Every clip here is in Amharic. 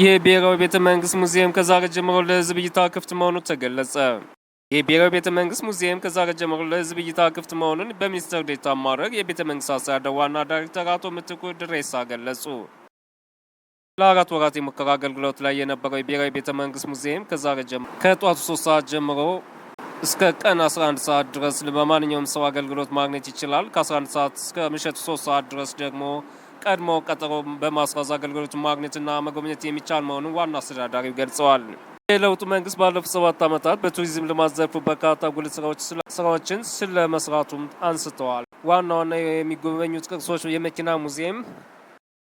የብሔራዊ ቤተ መንግስት ሙዚየም ከዛሬ ጀምሮ ለህዝብ እይታ ክፍት መሆኑ ተገለጸ። የብሔራዊ ቤተ መንግስት ሙዚየም ከዛሬ ጀምሮ ለህዝብ እይታ ክፍት መሆኑን በሚኒስትር ዴኤታ ማድረግ የቤተ መንግስት አስተዳደር ዋና ዳይሬክተር አቶ ምትኩ ድሬሳ ገለጹ። ለአራት ወራት የሙከራ አገልግሎት ላይ የነበረው የብሔራዊ ቤተ መንግስት ሙዚየም ከዛሬ ጀምሮ ከጠዋቱ ሶስት ሰዓት ጀምሮ እስከ ቀን 11 ሰዓት ድረስ በማንኛውም ሰው አገልግሎት ማግኘት ይችላል። ከ11 ሰዓት እስከ ምሽቱ 3 ሰዓት ድረስ ደግሞ ቀድሞ ቀጠሮ በማስያዝ አገልግሎት ማግኘትና መጎብኘት የሚቻል መሆኑን ዋና አስተዳዳሪው ገልጸዋል። የለውጡ መንግስት ባለፉት ሰባት ዓመታት በቱሪዝም ልማት ዘርፉ በርካታ ጉልህ ስራዎችን ስለመስራቱም አንስተዋል። ዋና ዋና የሚጎበኙት ቅርሶች የመኪና ሙዚየም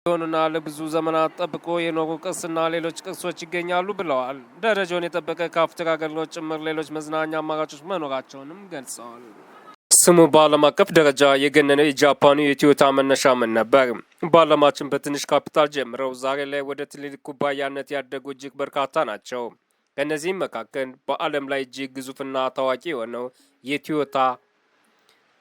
ሆኑና ለብዙ ዘመናት ጠብቆ የኖሩ ቅርስና ሌሎች ቅርሶች ይገኛሉ ብለዋል። ደረጃውን የጠበቀ ካፍቴር አገልግሎት ጭምር ሌሎች መዝናኛ አማራጮች መኖራቸውንም ገልጸዋል። ስሙ በዓለም አቀፍ ደረጃ የገነነው የጃፓኑ የቶዮታ መነሻ ምን ነበር? በዓለማችን በትንሽ ካፒታል ጀምረው ዛሬ ላይ ወደ ትልልቅ ኩባንያነት ያደጉ እጅግ በርካታ ናቸው። ከእነዚህም መካከል በዓለም ላይ እጅግ ግዙፍና ታዋቂ የሆነው የቶዮታ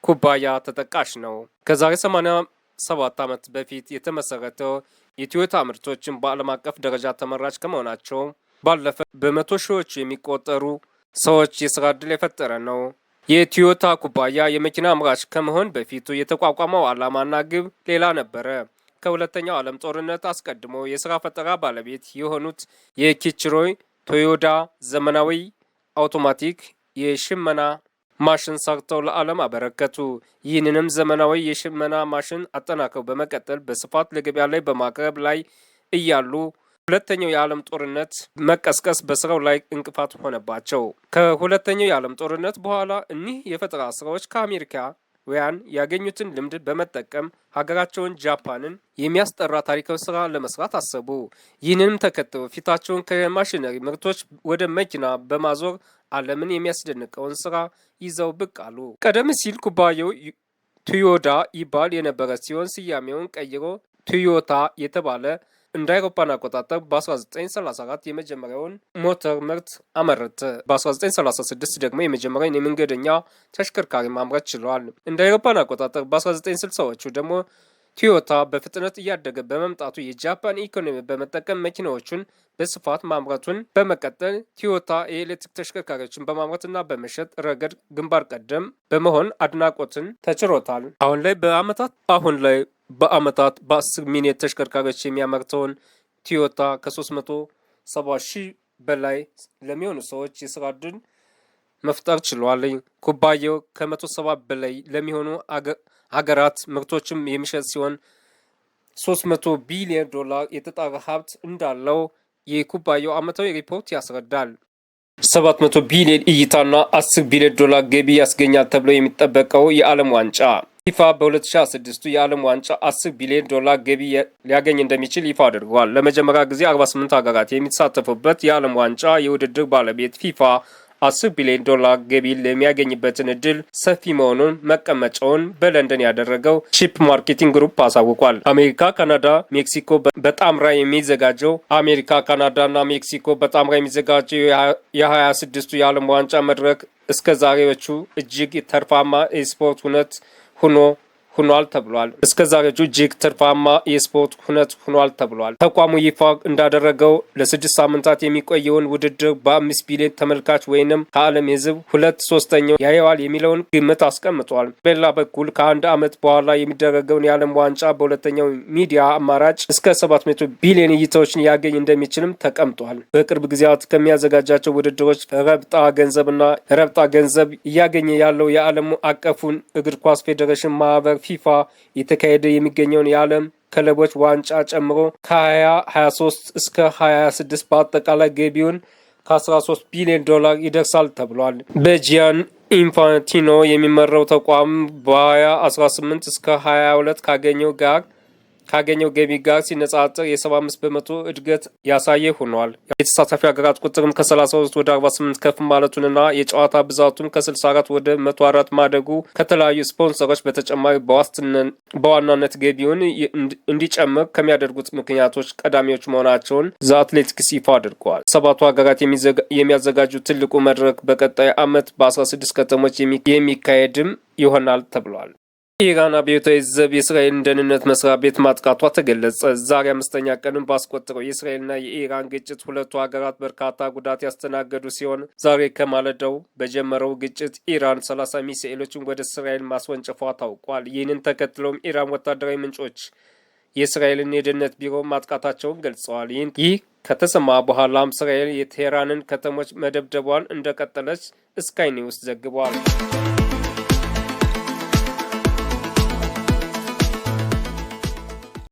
ኩባንያ ተጠቃሽ ነው። ከዛሬ 87 ዓመት በፊት የተመሰረተው የቶዮታ ምርቶችን በዓለም አቀፍ ደረጃ ተመራጭ ከመሆናቸው ባለፈ በመቶ ሺዎች የሚቆጠሩ ሰዎች የስራ ዕድል የፈጠረ ነው። የቶዮታ ኩባያ የመኪና አምራች ከመሆን በፊቱ የተቋቋመው ዓላማና ግብ ሌላ ነበረ። ከሁለተኛው ዓለም ጦርነት አስቀድሞ የስራ ፈጠራ ባለቤት የሆኑት የኪችሮይ ቶዮዳ ዘመናዊ አውቶማቲክ የሽመና ማሽን ሰርተው ለዓለም አበረከቱ። ይህንንም ዘመናዊ የሽመና ማሽን አጠናክረው በመቀጠል በስፋት ለገበያ ላይ በማቅረብ ላይ እያሉ ሁለተኛው የዓለም ጦርነት መቀስቀስ በስራው ላይ እንቅፋት ሆነባቸው። ከሁለተኛው የዓለም ጦርነት በኋላ እኒህ የፈጠራ ስራዎች ከአሜሪካውያን ያገኙትን ልምድ በመጠቀም ሀገራቸውን ጃፓንን የሚያስጠራ ታሪካዊ ስራ ለመስራት አሰቡ። ይህንንም ተከትሎ ፊታቸውን ከማሽነሪ ምርቶች ወደ መኪና በማዞር ዓለምን የሚያስደንቀውን ስራ ይዘው ብቅ አሉ። ቀደም ሲል ኩባንያው ቶዮዳ ይባል የነበረ ሲሆን ስያሜውን ቀይሮ ቶዮታ የተባለ እንደ አውሮፓን አቆጣጠር በ1934 የመጀመሪያውን ሞተር ምርት አመረተ። በ1936 ደግሞ የመጀመሪያውን የመንገደኛ ተሽከርካሪ ማምረት ችሏል። እንደ አውሮፓን አቆጣጠር በ1960ዎቹ ደግሞ ቶዮታ በፍጥነት እያደገ በመምጣቱ የጃፓን ኢኮኖሚ በመጠቀም መኪናዎቹን በስፋት ማምረቱን በመቀጠል ቶዮታ የኤሌክትሪክ ተሽከርካሪዎችን በማምረትና በመሸጥ ረገድ ግንባር ቀደም በመሆን አድናቆትን ተችሮታል። አሁን ላይ በአመታት አሁን ላይ በአመታት በ10 ሚሊዮን ተሽከርካሪዎች የሚያመርተውን ቶዮታ ከ370 ሺህ በላይ ለሚሆኑ ሰዎች የስራ እድል መፍጠር ችሏል። ኩባያው ከ170 በላይ ለሚሆኑ ሀገራት ምርቶችም የሚሸጥ ሲሆን 300 ቢሊዮን ዶላር የተጣራ ሀብት እንዳለው የኩባያው ዓመታዊ ሪፖርት ያስረዳል። 700 ቢሊዮን እይታና 10 ቢሊዮን ዶላር ገቢ ያስገኛል ተብሎ የሚጠበቀው የዓለም ዋንጫ ፊፋ በ2026 የዓለም ዋንጫ 10 ቢሊዮን ዶላር ገቢ ሊያገኝ እንደሚችል ይፋ አድርገዋል። ለመጀመሪያ ጊዜ 48 ሀገራት የሚሳተፉበት የዓለም ዋንጫ የውድድር ባለቤት ፊፋ 10 ቢሊዮን ዶላር ገቢ ለሚያገኝበትን እድል ሰፊ መሆኑን መቀመጫውን በለንደን ያደረገው ቺፕ ማርኬቲንግ ግሩፕ አሳውቋል። አሜሪካ፣ ካናዳ፣ ሜክሲኮ በጣምራ የሚዘጋጀው አሜሪካ፣ ካናዳና ሜክሲኮ በጣምራ የሚዘጋጀው የ26ቱ የዓለም ዋንጫ መድረክ እስከ ዛሬዎቹ እጅግ ተርፋማ የስፖርት ሁነት Renault ሁኗል ተብሏል። እስከ ዛሬጁ እጅግ ትርፋማ የስፖርት ሁነት ሁኗል ተብሏል። ተቋሙ ይፋ እንዳደረገው ለስድስት ሳምንታት የሚቆየውን ውድድር በአምስት ቢሊዮን ተመልካች ወይንም ከዓለም ሕዝብ ሁለት ሶስተኛው ያየዋል የሚለውን ግምት አስቀምጧል። በሌላ በኩል ከአንድ ዓመት በኋላ የሚደረገውን የዓለም ዋንጫ በሁለተኛው ሚዲያ አማራጭ እስከ 700 ቢሊዮን እይታዎችን ያገኝ እንደሚችልም ተቀምጧል። በቅርብ ጊዜያት ከሚያዘጋጃቸው ውድድሮች ረብጣ ገንዘብና ረብጣ ገንዘብ እያገኘ ያለው የዓለም አቀፉን እግር ኳስ ፌዴሬሽን ማህበር ፊፋ የተካሄደ የሚገኘውን የዓለም ክለቦች ዋንጫ ጨምሮ ከ2023 እስከ 26 በአጠቃላይ ገቢውን ከ13 ቢሊዮን ዶላር ይደርሳል ተብሏል። በጂያን ኢንፋንቲኖ የሚመራው ተቋም በ2018 እስከ 22 ካገኘው ጋር ካገኘው ገቢ ጋር ሲነጻጸር የ75 በመቶ እድገት ያሳየ ሆኗል። የተሳታፊ ሀገራት ቁጥርም ከ33 ወደ 48 ከፍ ማለቱንና የጨዋታ ብዛቱም ከ64 ወደ 104 ማደጉ ከተለያዩ ስፖንሰሮች በተጨማሪ በዋናነት ገቢውን እንዲጨምር ከሚያደርጉት ምክንያቶች ቀዳሚዎች መሆናቸውን ዘአትሌቲክስ ይፋ አድርገዋል። ሰባቱ ሀገራት የሚያዘጋጁ ትልቁ መድረክ በቀጣይ ዓመት በ16 ከተሞች የሚካሄድም ይሆናል ተብሏል። ኢራን አብዮታዊ ዘብ የእስራኤልን ደህንነት መስሪያ ቤት ማጥቃቷ ተገለጸ። ዛሬ አምስተኛ ቀንም ባስቆጠረው የእስራኤልና የኢራን ግጭት ሁለቱ ሀገራት በርካታ ጉዳት ያስተናገዱ ሲሆን ዛሬ ከማለዳው በጀመረው ግጭት ኢራን 30 ሚሳኤሎችን ወደ እስራኤል ማስወንጨፏ ታውቋል። ይህንን ተከትለውም ኢራን ወታደራዊ ምንጮች የእስራኤልን የደህንነት ቢሮ ማጥቃታቸውን ገልጸዋል። ይህ ከተሰማ በኋላም እስራኤል የቴህራንን ከተሞች መደብደቧን እንደቀጠለች ስካይ ኒውስ ዘግቧል።